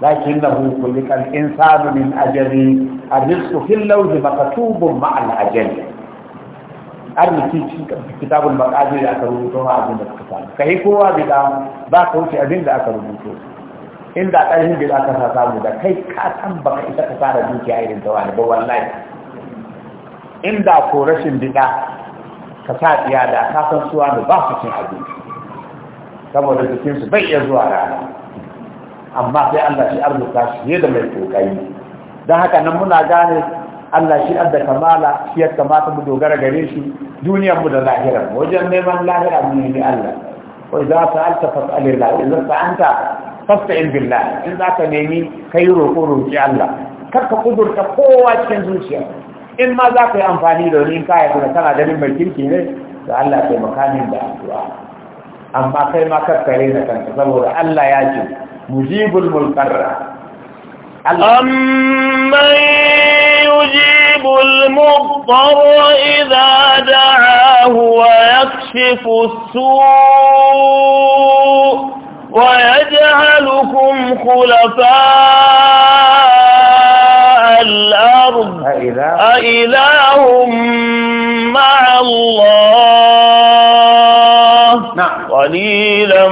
lakinnahu kullu kan insanu min ajali arrizqu fil lawhi maktubun ma'a ajali arziki cikin kitabul maqazir da aka rubuto ma abin da suka samu kai kowa bida ba ka wuce abin da aka rubuto inda ƙarfin bida ka sa samu da kai ka san ka isa ka fara dukiya irin ta wani ba wallahi inda ko rashin bida ka sa tsiya da ka san suwa da ba su cin abinci saboda jikinsu bai iya zuwa rana amma sai Allah shi arzuta shi da mai kokari don haka nan muna gane Allah shi adda kamala shi ya kamata mu dogara gare shi duniyar mu da lahira wajen neman lahira mu ne Allah wa idza sa'alta fas'alillah idza sa'anta fasta'in billah in zaka nemi kai roƙo roƙi Allah kar ka kudurta kowa cikin zuciya in ma za ka yi amfani da wani kaya kuma kana ganin mai kirki ne da Allah kai makamin da addu'a amma kai ma kar ka kanka saboda Allah ya ce mujibul mulkarra أمن يجيب المضطر إذا دعاه ويكشف السوء ويجعلكم خلفاء الأرض أإله مع الله نعم. قليلا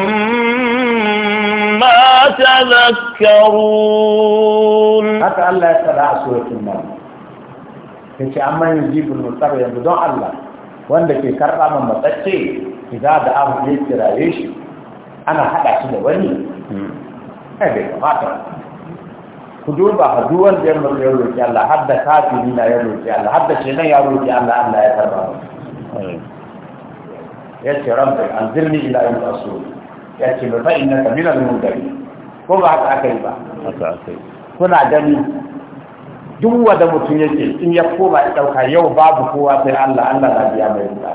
ما تذكرون haka Allah ya faɗa a suratul maryam yace amma yujibul mutarra yanzu don Allah wanda ke karɓa man matsacce idza da abu ya kiraye shi ana haɗa shi da wani ai bai kamata ku duba fa duk wanda ya mutu ya roƙi Allah har da kafiri na ya roƙi Allah har da shenan ya roƙi Allah Allah ya karɓa ya ce rabbi anzirni ila yawm rasul ya ce fa innaka minal mundarin ko ba haka akai ba haka akai kuna gani duk wanda mutum yake in ya koma ya ɗauka yau babu kowa sai Allah Allah na biya mai ruwa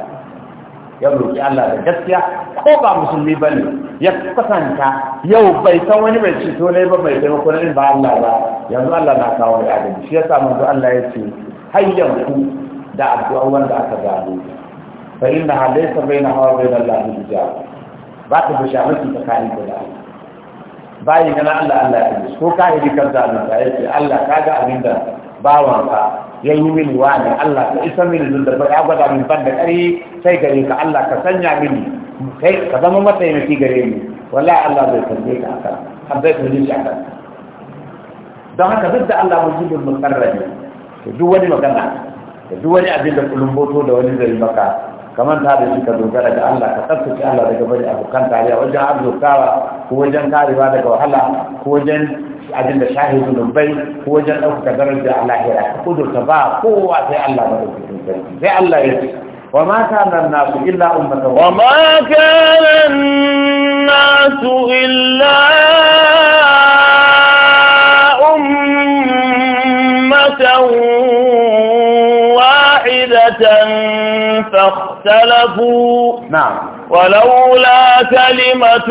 ya roki Allah da gaskiya ko ba musulmi ba ne ya kasanta yau bai san wani mai ceto ne ba mai taimako na ba Allah ba yanzu Allah na kawo ya da shi ya yasa da Allah ya ce hayyan ku da addu'a wanda aka gado fa inna halaysa bainahu wa bainal lahi hijab ba ta ta tsakanin da Allah bayi na Allah Allah ya ko ka yi kan zalunta yake Allah ka ga abin da bawanka ya yi mini wani Allah ka isa min zunda ba ya gwada min ban da ƙari sai gare ka Allah ka sanya min kai ka zama mataimaki gare ni wallahi Allah bai kalle ka akan har bai kalle shi akan don haka duk da Allah mujibul muqarrabi to duk wani magana da duk wani abin da kulumboto da wani zai maka kaman ta da shi ka dogara ga Allah ka tsabtace Allah daga bari abokan tarayya wajen arzukawa ko wajen karewa daga wahala ko wajen abin da shahidu bai ko wajen ɗaukaka darajar a lahira ka kudurta ba kowa sai Allah ba da sai Allah ya ce وما كان الناس إلا أمة وما كان الناس إلا أمة واحدة فاختلفوا اختلفوا نعم ولولا كلمة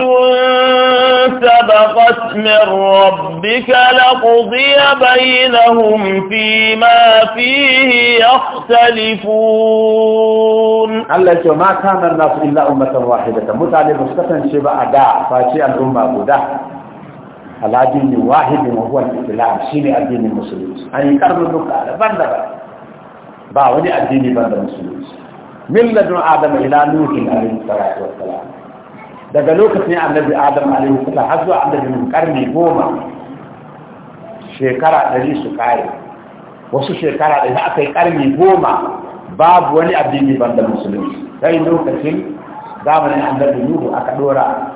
سبقت من ربك لقضي بينهم فيما فيه يختلفون الله يقول ما كان الناس إلا أمة واحدة متعلم مستقن شبع داع فاشي الأمة قدع على دين واحد وهو الإسلام شيني الدين المسلمين أن يقرر لك على بندر با الدين بندر المسلمين min ladun adam ila nuhin alayhi salatu wassalam daga lokacin annabi adam alaihi salam har zuwa annabi mun karni goma shekara ɗari su kare wasu shekara da aka yi karni goma babu wani addini banda musulunci sai lokacin zamanin annabi nuhu aka dora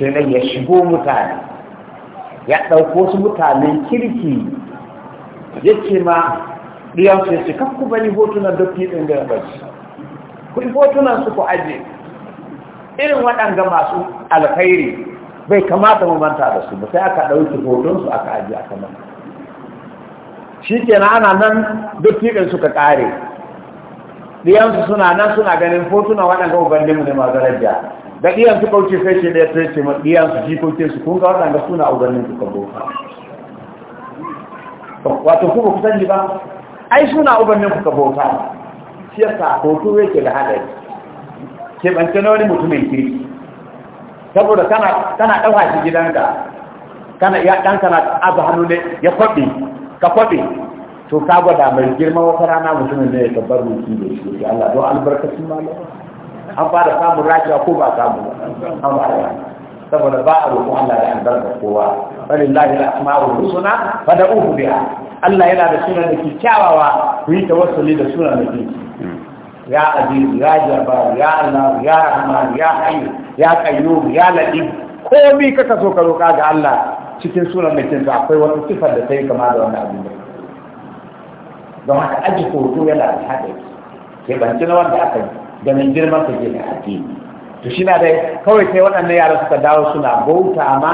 shenan ya shigo mutane ya ɗauko su mutane kirki ya ce ma ɗiyansu sai ce kakku bari hotunan dokin ɗin da ya bashi kun hotunan su ku aje irin waɗanga masu alkhairi bai kamata mu manta da su ba sai aka ɗauki hoton su aka aje aka nan shi na ana nan duk fiɗin suka ƙare ɗiyansu suna nan suna ganin hotuna waɗanda ubangijinmu ne masu daraja da ɗiyan su kauce sai ce ɗaya sai ce ma ɗiyan su jikokin su kun ga waɗanda suna ubannin su kago wato kuma kusan ji ba ai suna ubannin ku kabota siyasa ko hoto yake da hadari ke bance na wani mutumin kirki saboda kana kana dauka shi gidanka kana ya dan kana azu hannu ne ya kwabe ka kwabe to ka gwada mai girma wata rana mutumin ne ya tabbar mutum da shi Allah don albarkacin malama an fara samun rakiya ko ba samu ba an saboda ba a roƙon Allah da albarka kowa walillahi al-asma'ul da fad'uhu biha Allah yana da sunan da ke kyawawa ku yi tawassuli da sunan da ke يا عزيز يا جبار يا الله يا رحمن يا حي يا قيوم يا لطيف komai kaka so ka roƙa ga Allah cikin sunan mai cinta akwai wata sifar da ta yi kama da wani abu. ne don haka aji hoto yana da haɗari ke banci na wanda aka ganin girman ka ke da addini to shi na dai kawai sai waɗannan yara suka dawo suna bauta ma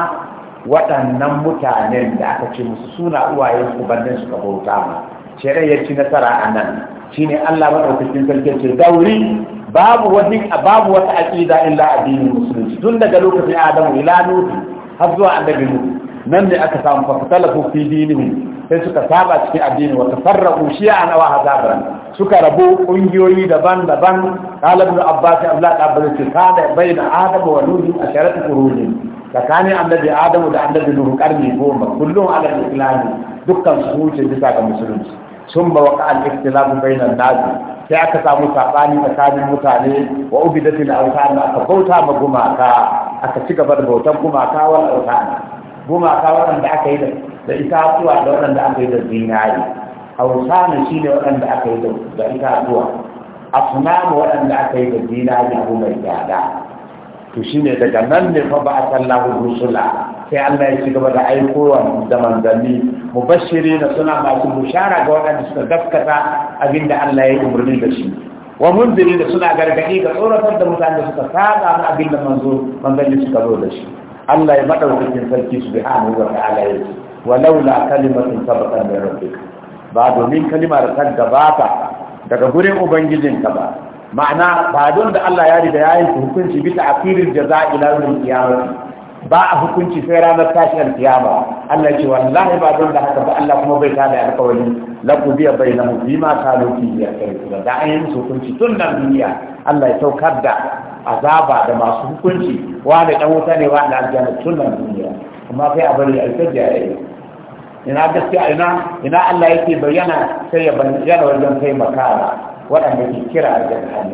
waɗannan mutanen da aka ce musu suna uwayen su bannin suka bauta ma shari'a ya ci nasara a nan shine Allah madaukakin sarki ce dauri babu wani babu wata aqida illa addinin musulunci tun daga lokacin Adamu ila Nuhu har zuwa annabi Nuhu nan ne aka samu fafatalafu fi dinihim sai suka saba cikin addini wa tafarraqu shi'an wa hazaban suka rabu ƙungiyoyi daban-daban qala ibn abbas abla qabla tikada bayna adam wa nuh asharat quruni tsakanin annabi adam da annabi nuhu karni goma kullum ala islam dukkan su huce bisa ga musulunci sun ba waka al-ikhtilafu bainan nas sai aka samu sabani tsakanin mutane wa ubidatil awthan aka bauta ma gumaka aka ci gaba da bautan gumaka wal awthan gumaka wanda aka yi da itatuwa da wanda aka yi da zinari awthan shine wanda aka yi da itatuwa asnam wanda aka yi da zinari ko mai tsada to shine daga nan ne fa ba sallahu rusula sai Allah ya ci gaba da aikowa da manzanni mubashiri na suna masu bushara ga waɗanda suka gaskata abinda Allah ya umarni da shi wa munziri da suna gargaɗi ga tsoratar da mutane suka saba na da manzo manzanni suka zo da shi Allah ya madaukakin sarki subhanahu wa ta'ala ya ce walaula kalimatun sabaqat min rabbika ba domin kalima da ta gabata daga gurin ubangijinka ba ma'ana ba don da Allah ya riga ya yi hukunci bisa akirin jaza ila yawmin kiyama, ba a hukunci sai ranar tashin alkiyama Allah ce wallahi ba don da haka ba Allah kuma bai ta tada alƙawari lakum biya bainahu bima kalu fi yakun da an yi hukunci tun nan duniya Allah ya saukar da azaba da masu hukunci wanda dan wuta ne wanda aljanna tunan duniya Kuma sai a bari alfajja ya yi ina gaskiya ina ina Allah yake bayyana sai ya bayyana wajen kai makara waɗanda ke kira a jihar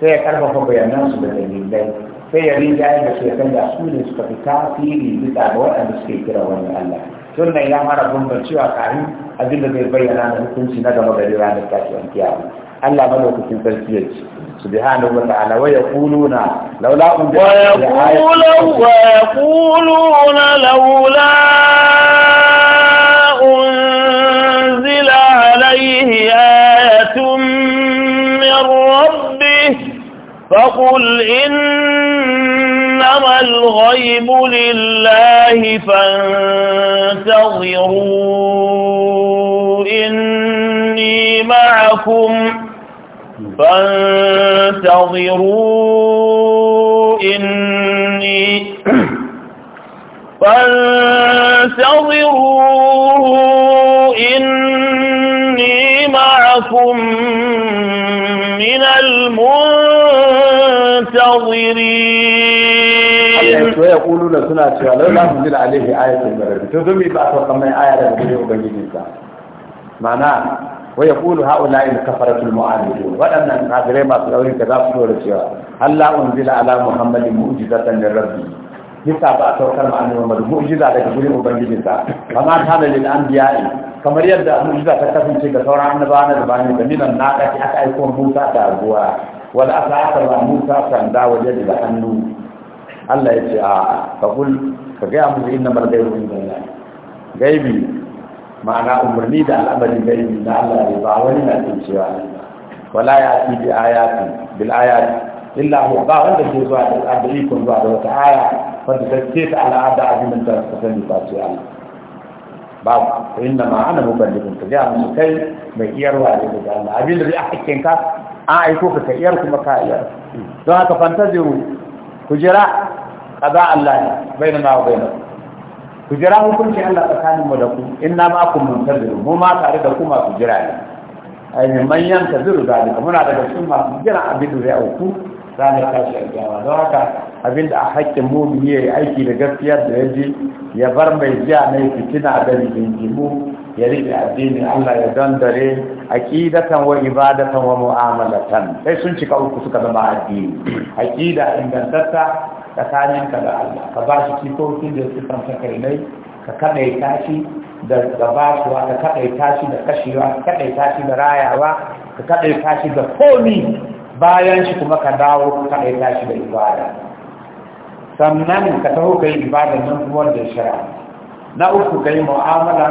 sai ya karfafa bayanan su da dalilai sai ya rinja da shekan da su ne suka fi tasiri bisa ga waɗanda suke kira wani Allah tun ya mara bambancewa kafin abin da zai bayyana da hukunci na gama gari ranar tashin kiyama Allah malaukakin sarki ya ce سبحانه وتعالى ويقولون لولا ويقولون ويقولون لولا من ربه فقل إنما الغيب لله فانتظروا إني معكم فانتظروا إني فانتظروا إني معكم ya kuluna suna cewa lau la mun jira alaihi ayatul barri to zumi ba ta kamar aya daga gurin ubangiji ka ma'ana wa yaqulu haula in kafaratul mu'anidun wadannan kafirai masu daurin ka za su dora cewa Allah unzila ala muhammadin mu'jizatan min rabbi bisa ba a saukar ma annabi Muhammad mu'jiza daga gurin ubangijin sa kama ta da lil anbiya'i kamar yadda mu'jiza ta kasance ga sauran annabawa da bani da minan naqati aka aika Musa da ruwa wal asaka wa Musa sanda waje da hannu Allah ya ce a faƙul ka gaya musu inna bar gaibu inda Allah gaibi ma'ana umarni da al'amarin gaibi na Allah ne ba wani na cin cewa wala ya ci bi ayati bil ayati illa hu ba wanda ke zuwa da al'adikun zuwa da wata aya wanda ta ce ta al'ada abin da ta sani ta ce Allah babu ko inna ma ana muballighun ka gaya musu kai mai iyarwa ne da Allah abin da bi hakkin ka an aiko ka ka iyar kuma ka iyar don haka fantaziru ku jira kaza Allah ne ma wa bainakum ku jira hukuncin Allah tsakanin mu da ku inna ma kun muntaziru mu ma tare da ku masu jira ne man manyan ta zuru ku muna daga cikin masu jira abin da ku. auku ranar tashi a gyara don haka abin da a haƙƙin mu ya yi aiki da gaskiyar da ya ji ya bar mai jiya mai fitina da rigingimu ya rike addinin Allah ya dandare aqidatan wa ibadatan wa mu'amalatan sai sun cika uku suka zama addini aqida ingantatta tsakanin ka da Allah ka ba shi tun da su kan kai ka kadai tashi da gabashuwa ka kadai tashi da kashewa ka kadai tashi da rayawa ka kadai tashi da komi bayan shi kuma ka dawo ka kadai tashi da ibada sannan ka taho kai ibada nan kuma da shara na uku kai mu'amala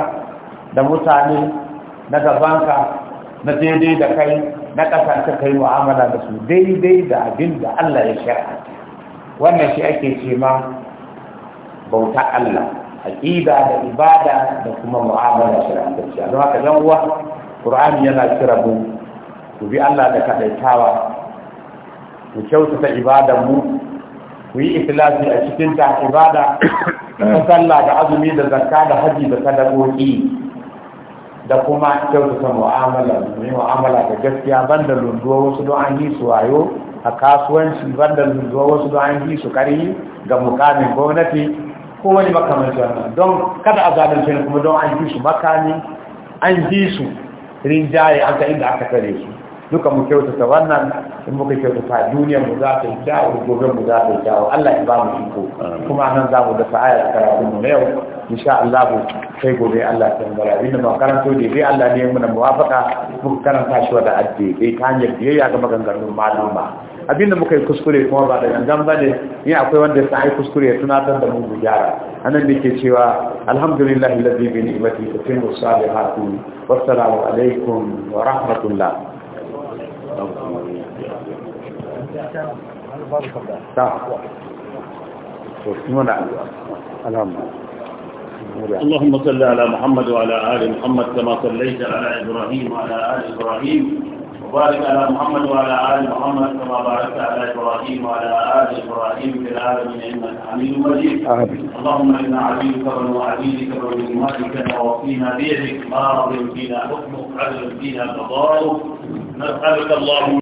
da mutane na gabanka na daidai da kai na ƙasar ka kai mu'amala da su daidai da abin da Allah ya shara wannan shi ake ce ma bauta Allah aqida da ibada da kuma mu'amala shari'a don haka dan uwa Qur'ani yana kira mu ku bi Allah da kadaitawa ku kyautata ibadan mu ku yi ikhlasi a cikin ta ibada ta sallah da azumi da zakka da haji da sadakoki da kuma kyautata mu'amala mu yi mu'amala da gaskiya banda lunduwa wasu don an yi su wayo a kasuwanci banda zuwa wasu da an yi su kari ga mukamin gwamnati ko wani makamanci wannan don kada a zalunce kuma don an yi su makami an yi su rinjaye an ta inda aka kare su duka mu kyautata wannan in muka kyautata duniyar mu za ta yi kyawu gobe mu za ta yi kyawu Allah ya ba mu iko kuma nan za mu dafa ayar karatun mu na yau insha Allah sai gobe Allah ta ngara inda ma karanto da dai Allah ne mu na muwafaka muka karanta shi wa da addi dai ta hanyar biyayya ga maganganun maluma abinda muka yi kuskure kuma ba da gangan ba ne akwai wanda ya yi kuskure ya tunatar da mu gyara anan da ke cewa alhamdulillah alladhi bi ni'matihi tatimmu salihatu wassalamu alaikum wa rahmatullah اللهم صل على محمد وعلى آل محمد كما صليت على إبراهيم وعلى آل إبراهيم وبارك على محمد وعلى آل محمد كما باركت على إبراهيم وعلى آل إبراهيم في العالمين إنك حميد مجيد آمين اللهم إنا عبيدك بنو عبيدك بنو مالك ووصينا بيدك ما رضي فينا حكمك عدل فينا قضاؤك نسألك اللهم